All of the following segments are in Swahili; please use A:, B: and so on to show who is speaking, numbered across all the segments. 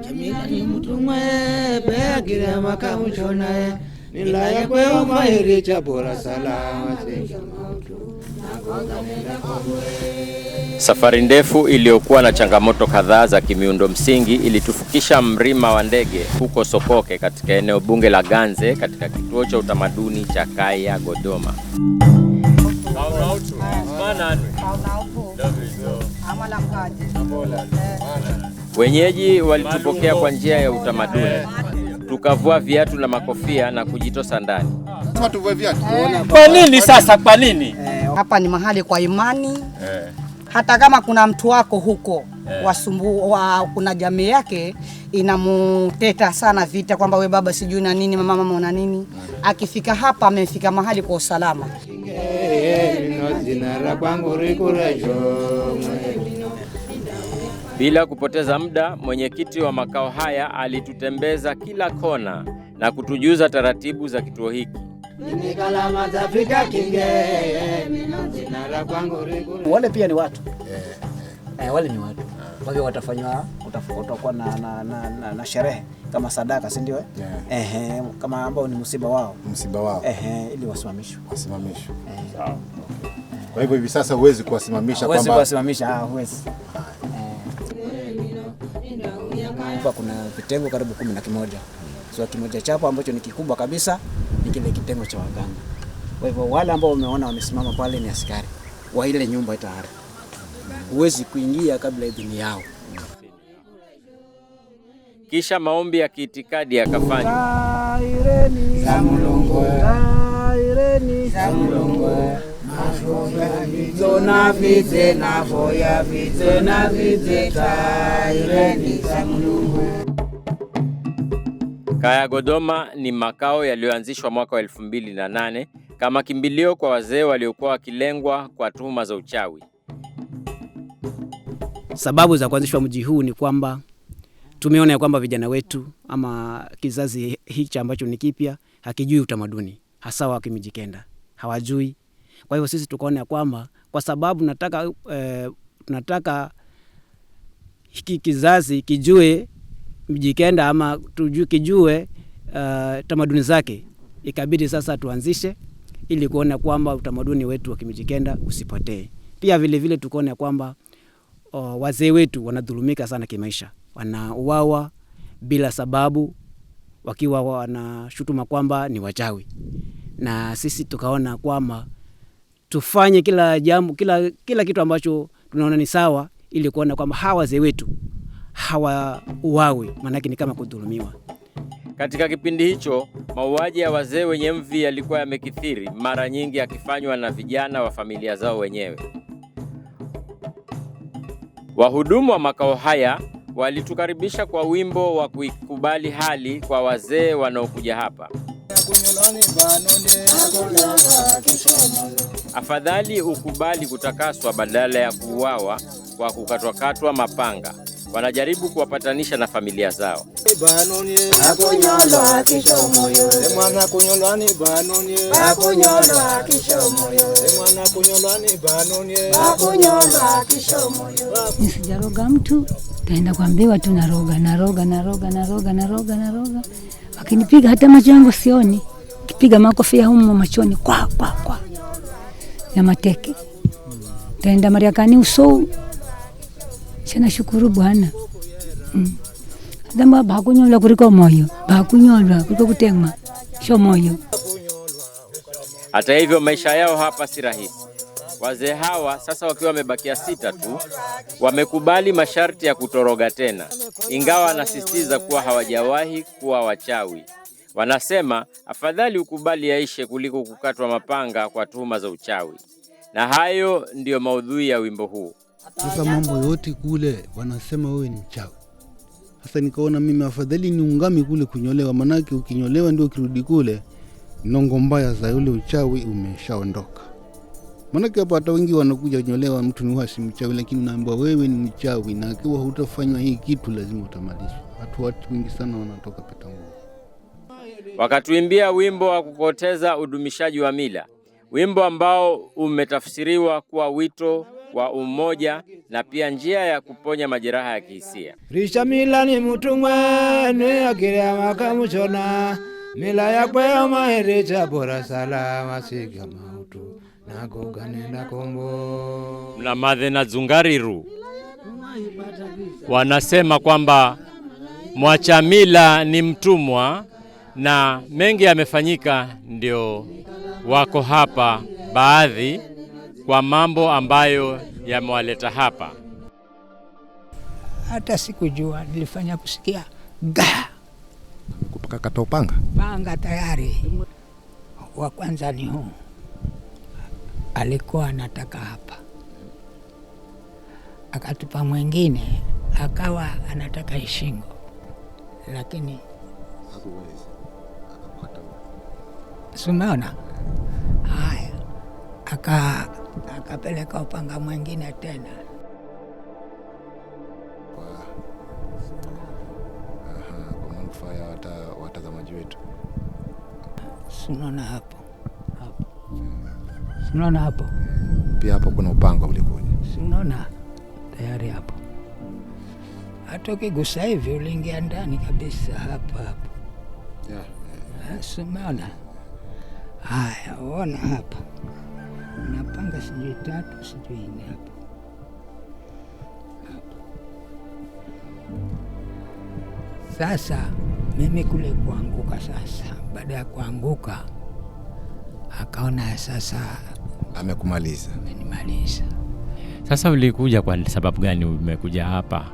A: Jamilani nilaye salama Safari ndefu iliyokuwa na changamoto kadhaa za kimiundo msingi ilitufikisha mrima wa ndege huko Sokoke katika eneo bunge la Ganze katika kituo cha utamaduni cha Kaya Godoma. Wenyeji walitupokea kwa njia ya utamaduni, tukavua viatu na makofia na kujitosa ndani.
B: Kwa nini sasa? Kwa nini
C: hapa? Ni mahali kwa imani, eh. hata kama kuna mtu wako huko eh. wasumbu wa kuna jamii yake inamuteta sana vita kwamba we baba sijui na nini mama mama una nini, akifika hapa amefika mahali kwa usalama.
A: Bila kupoteza muda, mwenyekiti wa makao haya alitutembeza kila kona na kutujuza taratibu za kituo hiki.
D: Wale pia ni watu eh, eh. eh wale ni watu ah. kwa hiyo watafanywa watakuwa na, na, na, na, na sherehe kama sadaka, si ndio? Eh? yeah. eh, kama ambao ni msiba wao, msiba wao eh, ili wasimamishwe,
E: wasimamishwe. Sawa. Kwa hivyo hivi sasa huwezi kuwasimamisha kwamba ah, huwezi
D: kuwasimamisha, huwezi Bukoba kuna vitengo karibu kumi na kimoja. So kimoja chapo ambacho ni kikubwa kabisa ni kile kitengo cha waganga. Kwa hivyo wale ambao umeona wamesimama pale ni askari wa ile nyumba itahari. Huwezi kuingia kabla idhini yao.
A: Kisha maombi ya kiitikadi yakafanywa. Kaya Godoma ni makao yaliyoanzishwa mwaka wa nane kama kimbilio kwa wazee waliokuwa wakilengwa kwa tuhuma za uchawi.
D: Sababu za kuanzishwa mji huu ni kwamba tumeona ya kwamba vijana wetu ama kizazi hichi ambacho ni kipya hakijui utamaduni hasa wa Kimijikenda, hawajui kwa hivyo sisi tukaona ya kwamba kwa sababu nataka, eh, nataka hiki kizazi kijue Mjikenda ama tujue kijue uh, tamaduni zake, ikabidi sasa tuanzishe ili kuona kwamba utamaduni wetu wa Kimjikenda usipotee. Pia vile tukaona kwamba uh, wazee wetu wanadhulumika sana kimaisha, wanauawa bila sababu, wakiwa wanashutuma kwamba ni wachawi, na sisi tukaona kwamba tufanye kila jambo, kila, kila kitu ambacho tunaona ni sawa ili kuona kwamba hawa wazee wetu hawauawe, maanake ni kama kudhulumiwa.
A: Katika kipindi hicho mauaji ya wazee wenye mvi yalikuwa yamekithiri, mara nyingi yakifanywa na vijana wa familia zao wenyewe. Wahudumu wa makao haya walitukaribisha kwa wimbo wa kuikubali hali kwa wazee wanaokuja hapa. Afadhali ukubali kutakaswa badala ya kuuawa kwa kukatwakatwa mapanga. Wanajaribu kuwapatanisha na familia zao.
F: mtu, taenda kuambiwa tu naroga, naroga, naroga, naroga, naroga, naroga. Wakinipiga hata macho yangu sioni piga makofi ya humo machoni kwa kwa kwa ya mateke taenda mariakani uso chana shukuru Bwana mm. adamba bakunyolwa kuliko moyo bakunyolwa kuriko kutemwa sho moyo.
A: Hata hivyo maisha yao hapa si rahisi. Wazee hawa sasa wakiwa wamebakia sita tu wamekubali masharti ya kutoroga tena, ingawa anasisitiza kuwa hawajawahi kuwa wachawi. Wanasema afadhali ukubali aishe kuliko kukatwa mapanga kwa tuhuma za uchawi, na hayo ndiyo maudhui ya wimbo huu.
G: Sasa mambo yote kule wanasema wewe ni mchawi. Sasa nikaona mimi afadhali niungami kule kunyolewa, manake ukinyolewa ndio ukirudi kule nongo mbaya za yule uchawi umeshaondoka. Manake hapa hata wengi wanakuja nyolewa, mtu ni wasi mchawi, lakini naambiwa wewe ni mchawi na akiwa hutafanywa hii kitu lazima utamalizwa. Watu watu wengi sana wanatoka peta
A: Wakatuimbia wimbo wa kupoteza udumishaji wa mila, wimbo ambao umetafsiriwa kuwa wito wa umoja na pia njia ya kuponya majeraha ya kihisia. risha mila ni mutu mwene akira makamushona mila yakweyo maherecha bora salama siga mautu nagoganenda kombo na madhe na zungariru wanasema kwamba mwacha mila ni mtumwa na mengi yamefanyika, ndio wako hapa baadhi kwa mambo ambayo yamewaleta hapa.
H: Hata sikujua, nilifanya kusikia ga
I: kupaka kata upanga
H: panga tayari. Wa kwanza ni huu, alikuwa anataka hapa, akatupa mwingine, akawa anataka ishingo, lakini hakuweza sumeona haya, aka akapeleka upanga mwingine tena.
I: Kwa watazamaji wetu,
H: sinaona hapo hapo, sinaona hapo
I: pia, hapo kuna upanga ulikuja,
H: sinaona tayari hapo, hata ukigusa hivi uliingia ndani kabisa, hapa hapo, simeona Haya, ona hapa, napanga sijui tatu sijui nne hapa hapa. Sasa mimi kule kuanguka, sasa baada ya kuanguka akaona sasa
I: amekumaliza,
H: amenimaliza.
J: Sasa ulikuja kwa sababu gani? Umekuja hapa?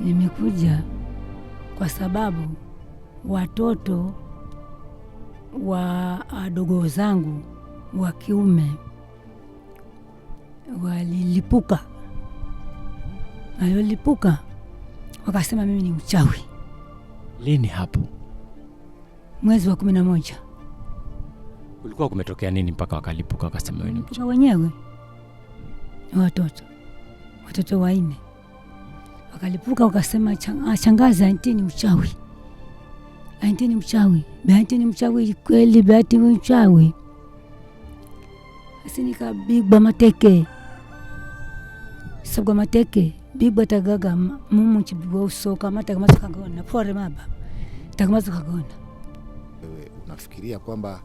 F: Nimekuja kwa sababu watoto wadogo ah, zangu wa kiume walilipuka, waliolipuka wakasema mimi ni mchawi. Lini hapo? Mwezi wa kumi na moja.
J: Kulikuwa kumetokea nini mpaka wakalipuka wakasema wewe ni mchawi?
F: Wenyewe watoto watoto wanne wakalipuka wakasema, changaza, ah, anti ni mchawi Bahati ni mchawi, Bahati ni mchawi kweli, Bahati ni mchawi. Basi nikabigwa mateke, sabwa mateke bigwa tagaga mumu chibigwa usoka matakamaso kagona pore maba takamaso kagona.
I: Wewe unafikiria kwamba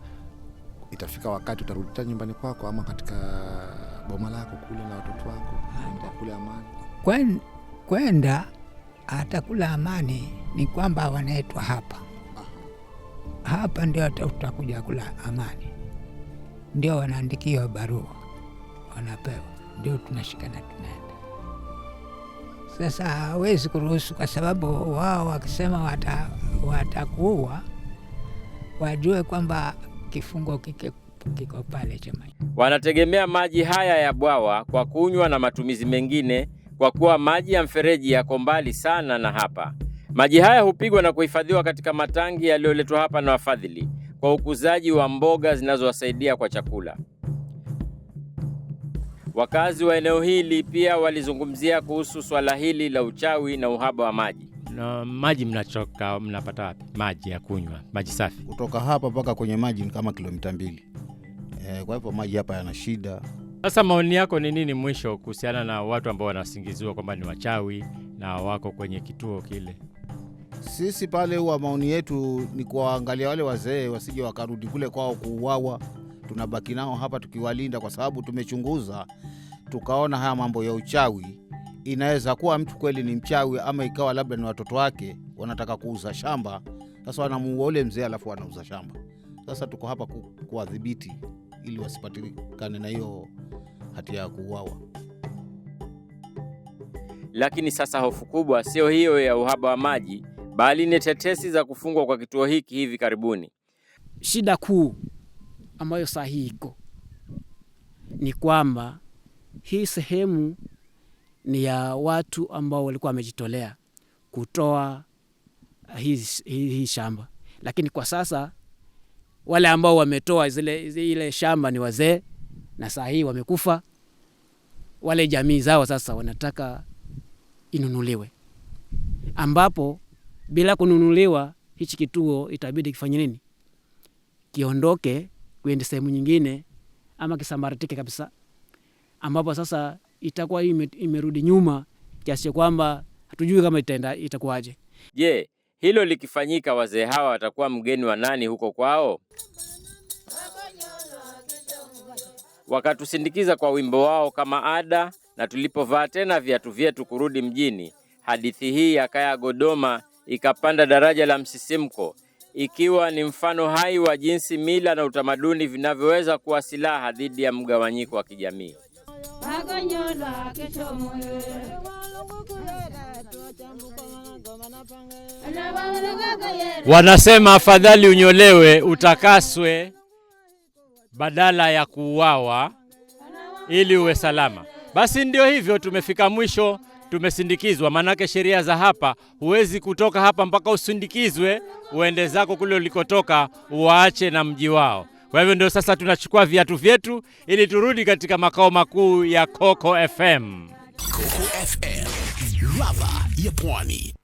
I: itafika wakati utarudi tena nyumbani kwako ama katika boma lako kule na watoto wako kule
H: amani? Kwen, kwenda hata amani ni kwamba wanaetwa hapa hapa ndio tutakuja kula amani, ndio wanaandikiwa barua, wanapewa, ndio tunashikana, tunaenda. Sasa hawezi kuruhusu, kwa sababu wao wakisema wata, watakuua wajue kwamba kifungo kike kiko pale cha maji.
A: Wanategemea maji haya ya bwawa kwa kunywa na matumizi mengine, kwa kuwa maji ya mfereji yako mbali sana na hapa. Maji haya hupigwa na kuhifadhiwa katika matangi yaliyoletwa hapa na wafadhili kwa ukuzaji wa mboga zinazowasaidia kwa chakula. Wakazi wa eneo hili pia walizungumzia kuhusu swala hili la uchawi na uhaba wa maji.
J: No, maji mnachoka mnapata wapi? Maji ya kunywa, maji safi
K: kutoka hapa mpaka kwenye maji ni kama kilomita mbili. E, kwa hivyo maji hapa yana shida.
J: Sasa maoni yako ni nini mwisho kuhusiana na watu ambao wanasingiziwa kwamba ni wachawi na wako kwenye kituo kile?
K: Sisi pale huwa maoni yetu ni kuwaangalia wale wazee wasije wakarudi kule kwao kuuawa. Tunabaki nao hapa tukiwalinda, kwa sababu tumechunguza tukaona haya mambo ya uchawi. Inaweza kuwa mtu kweli ni mchawi, ama ikawa labda ni watoto wake wanataka kuuza shamba. Sasa wanamuua ule mzee, alafu wanauza shamba. Sasa tuko hapa kuwadhibiti ili wasipatikane na hiyo hatia ya kuuawa.
A: Lakini sasa hofu kubwa sio hiyo ya uhaba wa maji, bali ni tetesi za kufungwa kwa kituo hiki hivi karibuni.
D: Shida kuu ambayo saa hii iko ni kwamba hii sehemu ni ya watu ambao walikuwa wamejitolea kutoa hii, hii, hii shamba, lakini kwa sasa wale ambao wametoa zile, ile shamba ni wazee na saa hii wamekufa. Wale jamii zao sasa wanataka inunuliwe, ambapo bila kununuliwa, hichi kituo itabidi kifanye nini? Kiondoke kwenda sehemu nyingine, ama kisambaratike kabisa, ambapo sasa itakuwa imerudi nyuma kiasi cha kwamba hatujui kama itaenda itakuwaje.
A: Je, hilo likifanyika, wazee hawa watakuwa mgeni wa nani huko kwao? Wakatusindikiza kwa wimbo wao kama ada, na tulipovaa tena viatu vyetu kurudi mjini, hadithi hii ya Kaya Godoma ikapanda daraja la msisimko, ikiwa ni mfano hai wa jinsi mila na utamaduni vinavyoweza kuwa silaha dhidi ya mgawanyiko wa kijamii. Wanasema afadhali unyolewe utakaswe badala ya kuuawa ili uwe salama. Basi ndio hivyo, tumefika mwisho tumesindikizwa. Maanake sheria za hapa, huwezi kutoka hapa mpaka usindikizwe uende zako kule ulikotoka, uwaache na mji wao. Kwa hivyo ndio sasa tunachukua viatu vyetu ili turudi katika makao makuu ya Coco FM. Coco FM, ladha ya pwani.